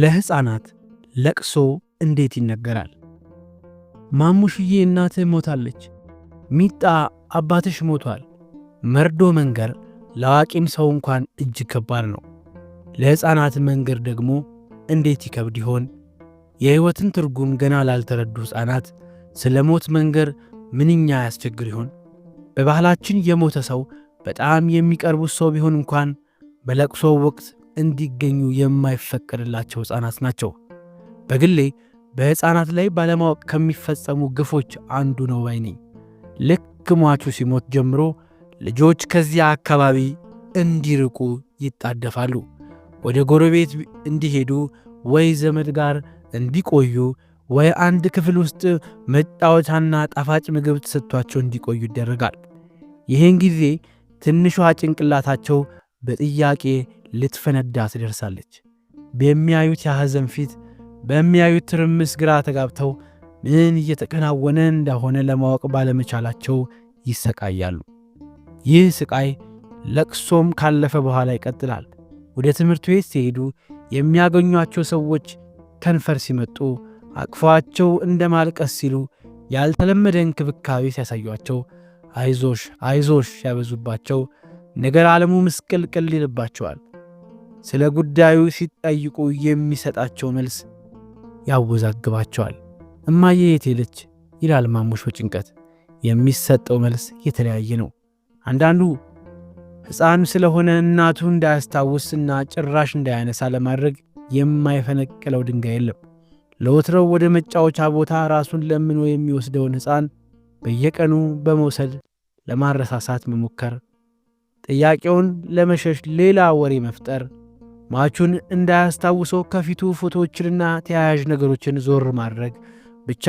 ለሕፃናት ለቅሶ እንዴት ይነገራል? ማሙሽዬ እናትህ ሞታለች፣ ሚጣ አባትሽ ሞቷል። መርዶ መንገር ለአዋቂም ሰው እንኳን እጅግ ከባድ ነው። ለሕፃናት መንገር ደግሞ እንዴት ይከብድ ይሆን? የሕይወትን ትርጉም ገና ላልተረዱ ሕፃናት ስለ ሞት መንገር ምንኛ ያስቸግር ይሆን? በባህላችን የሞተ ሰው በጣም የሚቀርቡት ሰው ቢሆን እንኳን በለቅሶ ወቅት እንዲገኙ የማይፈቀድላቸው ሕፃናት ናቸው። በግሌ በሕፃናት ላይ ባለማወቅ ከሚፈጸሙ ግፎች አንዱ ነው ባይ ነኝ። ልክ ሟቹ ሲሞት ጀምሮ ልጆች ከዚያ አካባቢ እንዲርቁ ይጣደፋሉ። ወደ ጎረቤት እንዲሄዱ ወይ ዘመድ ጋር እንዲቆዩ ወይ አንድ ክፍል ውስጥ መጫወቻና ጣፋጭ ምግብ ተሰጥቷቸው እንዲቆዩ ይደረጋል። ይህን ጊዜ ትንሿ ጭንቅላታቸው በጥያቄ ልትፈነዳ ትደርሳለች። በሚያዩት የሐዘን ፊት፣ በሚያዩት ትርምስ ግራ ተጋብተው ምን እየተከናወነ እንደሆነ ለማወቅ ባለመቻላቸው ይሰቃያሉ። ይህ ሥቃይ ለቅሶም ካለፈ በኋላ ይቀጥላል። ወደ ትምህርት ቤት ሲሄዱ የሚያገኟቸው ሰዎች ከንፈር ሲመጡ አቅፏቸው እንደ ማልቀስ ሲሉ ያልተለመደ እንክብካቤ ሲያሳዩቸው፣ አይዞሽ አይዞሽ ሲያበዙባቸው ነገር ዓለሙ ምስቅልቅል ይልባቸዋል። ስለ ጉዳዩ ሲጠይቁ የሚሰጣቸው መልስ ያወዛግባቸዋል። እማዬ የት ሄደች? ይላል ማሙሽ በጭንቀት። የሚሰጠው መልስ የተለያየ ነው። አንዳንዱ ሕፃን ስለሆነ እናቱ እንዳያስታውስና ጭራሽ እንዳያነሳ ለማድረግ የማይፈነቅለው ድንጋይ የለም። ለወትረው ወደ መጫወቻ ቦታ ራሱን ለምኖ የሚወስደውን ሕፃን በየቀኑ በመውሰድ ለማረሳሳት መሞከር፣ ጥያቄውን ለመሸሽ ሌላ ወሬ መፍጠር ሟቹን እንዳያስታውሰው ከፊቱ ፎቶዎችንና ተያያዥ ነገሮችን ዞር ማድረግ ብቻ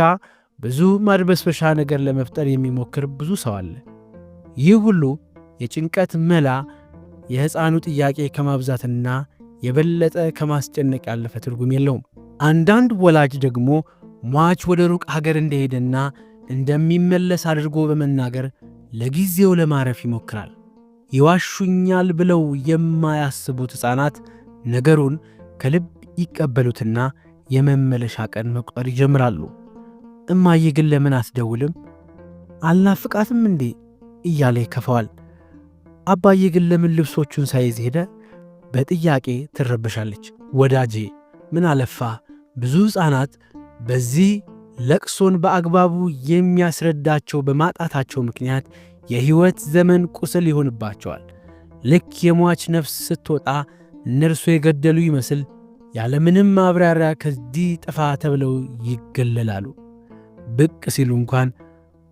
ብዙ ማድበስበሻ ነገር ለመፍጠር የሚሞክር ብዙ ሰው አለ። ይህ ሁሉ የጭንቀት መላ የሕፃኑ ጥያቄ ከማብዛትና የበለጠ ከማስጨነቅ ያለፈ ትርጉም የለውም። አንዳንድ ወላጅ ደግሞ ሟች ወደ ሩቅ ሀገር እንደሄደና እንደሚመለስ አድርጎ በመናገር ለጊዜው ለማረፍ ይሞክራል። ይዋሹኛል ብለው የማያስቡት ሕፃናት ነገሩን ከልብ ይቀበሉትና የመመለሻ ቀን መቁጠር ይጀምራሉ። እማዬ ግን ለምን አትደውልም አልናፍቃትም እንዴ እያለ ይከፈዋል። አባዬ ግን ለምን ልብሶቹን ሳይዝ ሄደ በጥያቄ ትረበሻለች። ወዳጄ ምን አለፋ ብዙ ሕፃናት በዚህ ለቅሶን በአግባቡ የሚያስረዳቸው በማጣታቸው ምክንያት የሕይወት ዘመን ቁስል ይሆንባቸዋል። ልክ የሟች ነፍስ ስትወጣ እነርሱ የገደሉ ይመስል ያለምንም ማብራሪያ ከዚህ ጥፋ ተብለው ይገለላሉ። ብቅ ሲሉ እንኳን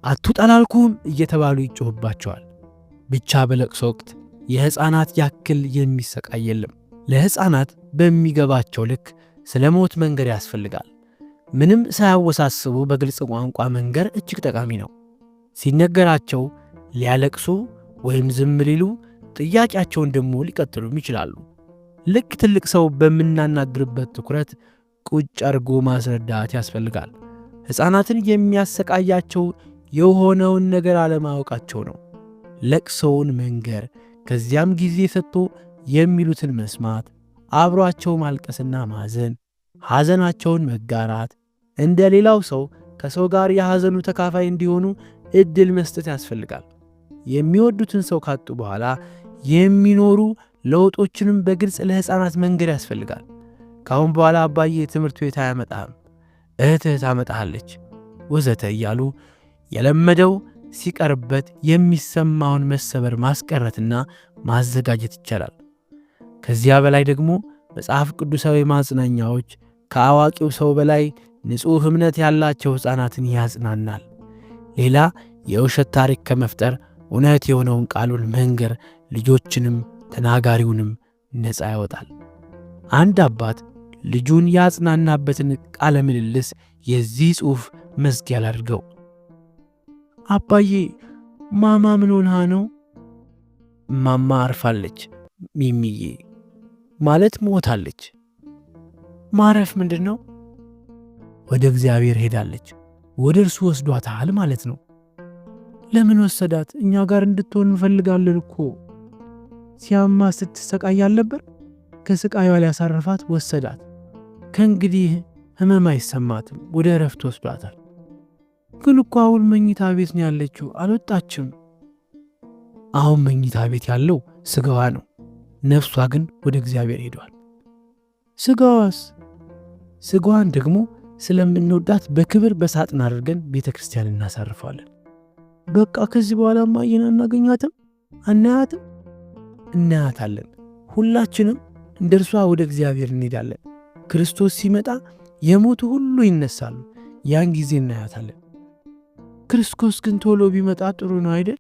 አትጣላልኩም እየተባሉ ይጮህባቸዋል። ብቻ በለቅሶ ወቅት የሕፃናት ያክል የሚሰቃይ የለም። ለሕፃናት በሚገባቸው ልክ ስለ ሞት መንገድ ያስፈልጋል። ምንም ሳያወሳስቡ በግልጽ ቋንቋ መንገር እጅግ ጠቃሚ ነው። ሲነገራቸው ሊያለቅሱ ወይም ዝም ሊሉ፣ ጥያቄያቸውን ደግሞ ሊቀጥሉም ይችላሉ። ልክ ትልቅ ሰው በምናናግርበት ትኩረት ቁጭ አድርጎ ማስረዳት ያስፈልጋል። ሕፃናትን የሚያሰቃያቸው የሆነውን ነገር አለማወቃቸው ነው። ለቅሶውን መንገር፣ ከዚያም ጊዜ ሰጥቶ የሚሉትን መስማት፣ አብሯቸው ማልቀስና ማዘን፣ ሐዘናቸውን መጋራት፣ እንደ ሌላው ሰው ከሰው ጋር የሐዘኑ ተካፋይ እንዲሆኑ ዕድል መስጠት ያስፈልጋል። የሚወዱትን ሰው ካጡ በኋላ የሚኖሩ ለውጦችንም በግልጽ ለሕፃናት መንገድ ያስፈልጋል። ከአሁን በኋላ አባዬ ትምህርት ቤት አያመጣህም፣ እህትህ ታመጣሃለች ወዘተ እያሉ የለመደው ሲቀርበት የሚሰማውን መሰበር ማስቀረትና ማዘጋጀት ይቻላል። ከዚያ በላይ ደግሞ መጽሐፍ ቅዱሳዊ ማጽናኛዎች ከአዋቂው ሰው በላይ ንጹሕ እምነት ያላቸው ሕፃናትን ያጽናናል። ሌላ የውሸት ታሪክ ከመፍጠር እውነት የሆነውን ቃሉን መንገር ልጆችንም ተናጋሪውንም ነፃ ያወጣል። አንድ አባት ልጁን ያጽናናበትን ቃለ ምልልስ የዚህ ጽሑፍ መዝጊያ ላድርገው። አባዬ ማማ ምን ሆና ነው? ማማ አርፋለች ሚሚዬ ማለት ሞታለች። ማረፍ ምንድን ነው? ወደ እግዚአብሔር ሄዳለች። ወደ እርሱ ወስዷታል ማለት ነው። ለምን ወሰዳት? እኛ ጋር እንድትሆን እንፈልጋለን እኮ ሲያማ ስትሰቃይ አልነበር? ከስቃዩዋ ሊያሳርፋት ወሰዳት። ከእንግዲህ ህመም አይሰማትም፣ ወደ እረፍት ወስዷታል። ግን እኮ አሁን መኝታ ቤት ነው ያለችው፣ አልወጣችም። አሁን መኝታ ቤት ያለው ስጋዋ ነው፣ ነፍሷ ግን ወደ እግዚአብሔር ሄዷል። ስጋዋስ? ስጋዋን ደግሞ ስለምንወዳት በክብር በሳጥን አድርገን ቤተ ክርስቲያን እናሳርፋለን። በቃ ከዚህ በኋላ ማየን አናገኛትም፣ አናያትም እናያታለን። ሁላችንም እንደ እርሷ ወደ እግዚአብሔር እንሄዳለን። ክርስቶስ ሲመጣ የሞቱ ሁሉ ይነሳሉ። ያን ጊዜ እናያታለን። ክርስቶስ ግን ቶሎ ቢመጣ ጥሩ ነው አይደል?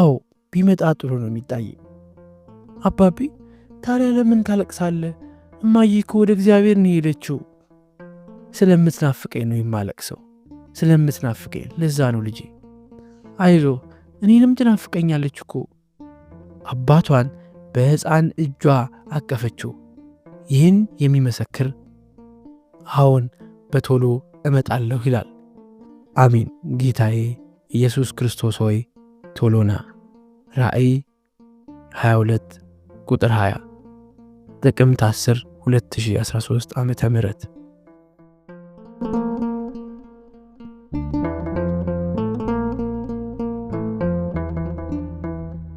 አዎ ቢመጣ ጥሩ ነው የሚታየ። አባቤ ታዲያ ለምን ታለቅሳለህ? እማዬ እኮ ወደ እግዚአብሔር እንሄደችው የሄደችው። ስለምትናፍቀኝ ነው የማለቅሰው፣ ስለምትናፍቀኝ ለዛ ነው ልጄ። አይዞ እኔንም ትናፍቀኛለች እኮ አባቷን በሕፃን እጇ አቀፈችው። ይህን የሚመሰክር አሁን በቶሎ እመጣለሁ ይላል። አሚን። ጌታዬ ኢየሱስ ክርስቶስ ሆይ ቶሎና ራእይ 22 ቁጥር 20 ጥቅምት 10 2013 ዓ ም